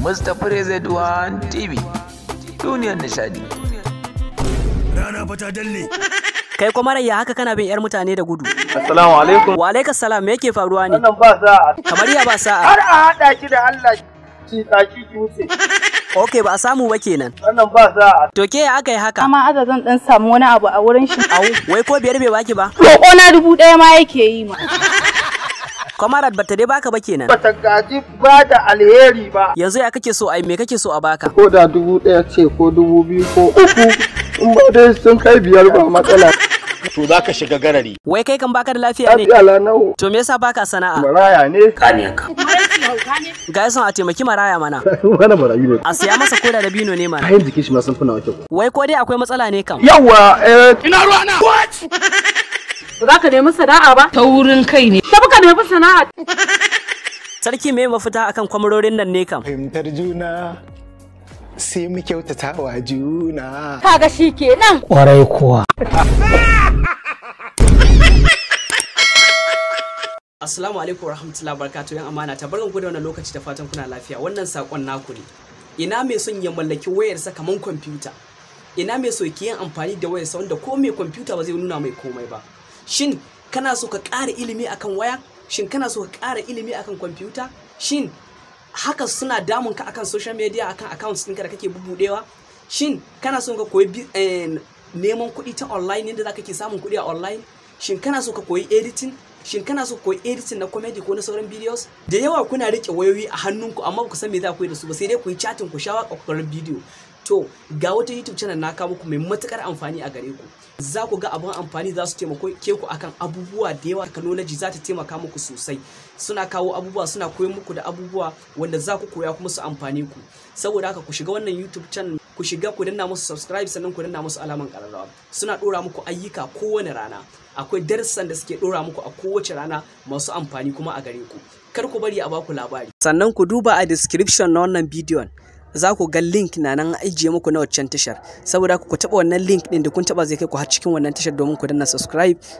Mustapha Rezaid One TV duniyar nishadi. Rana fata dalle. Kai kuma rayya haka kana bin 'yar mutane da gudu. Assalamu alaikum. Wa alaikum salam me yake faruwa ne? Wannan ba sa'a. Kamar ya ba sa'a. Har a hada ki da Allah ki tsaki ki wuce. Ok ba a samu ba kenan. Wannan ba sa'a. To ke aka yi haka? Amma aza zan dan samu wani abu a wurin shi. wai ko biyar bai baki ba? Roƙo na dubu ɗaya ma yake yi ma. Kwamarat bata dai baka ba kenan. ta gaji ba da alheri ba. Yanzu ya kake so ai me kake so a baka? Ko da dubu ɗaya ce ko dubu biyu ko uku in ba dai sun kai biyar ba matsala. to za ka shiga garari. Wai kai kan baka da lafiya ne? Lafiya nawo. To me yasa baka sana'a? Maraya ne. Kani ka. Ga yasan a taimaki maraya mana. Wani marayu ne. A siya masa koda da bino ne mana. Kayan jikin shi ma sun fina wake. Wai ko dai akwai matsala ne kam? Yawwa. Eh. Ina ruwa na. What? Ba za ka nemi sana'a ba? Ta wurin kai ne. fi sana'a. Sarki mai mafita akan kwamarorin nan ne kam? Fahimtar juna sai mu kyautata wa juna. Kaga shi nan. Kwarai kuwa. Assalamu alaikum warahmatullahi barakatuh yan amana ta barkanku da wannan lokaci da fatan kuna lafiya wannan sakon naku ne. Ina mai son ya mallaki wayarsa kamar kwamfuta. Ina mai so ki yin amfani da wayarsa wanda ko mai kwamfuta ba zai nuna mai komai ba. Shin kana so ka ƙara ilimi akan waya shin kana so ka ƙara ilimi akan kwamfuta shin haka suna damun ka akan social media akan accounts ɗinka da kake bubudewa shin kana so ka koyi eh, neman kuɗi ta online yadda za ka ke samun kuɗi a online shin kana so ka koyi editing shin kana so koyi editing na comedy ko na sauran videos da yawa kuna rike wayoyi a hannunku amma ku san me za ku yi da su ba sai dai ku yi chatting ku sha a bidiyo to ga wata youtube channel na kawo muku mai matukar amfani a gare ku za ku ga abun amfani za su taimako ke ku akan abubuwa da yawa technology za ta taimaka muku sosai suna kawo abubuwa suna koyon muku da abubuwa wanda za ku koya kuma su amfani ku saboda haka ku shiga wannan youtube channel ku shiga ku danna musu subscribe sannan ku danna musu alaman kararrawa suna dora muku ayyuka kowane rana akwai darussan da suke dora muku a kowace rana masu amfani kuma a gare ku kar ku bari a baku labari sannan ku duba a description na wannan bidiyon za ku ga link na nan ajiye muku na waccan tashar saboda ku taɓa wannan link ɗin da kun taɓa zai kai ku har cikin wannan tashar domin ku danna subscribe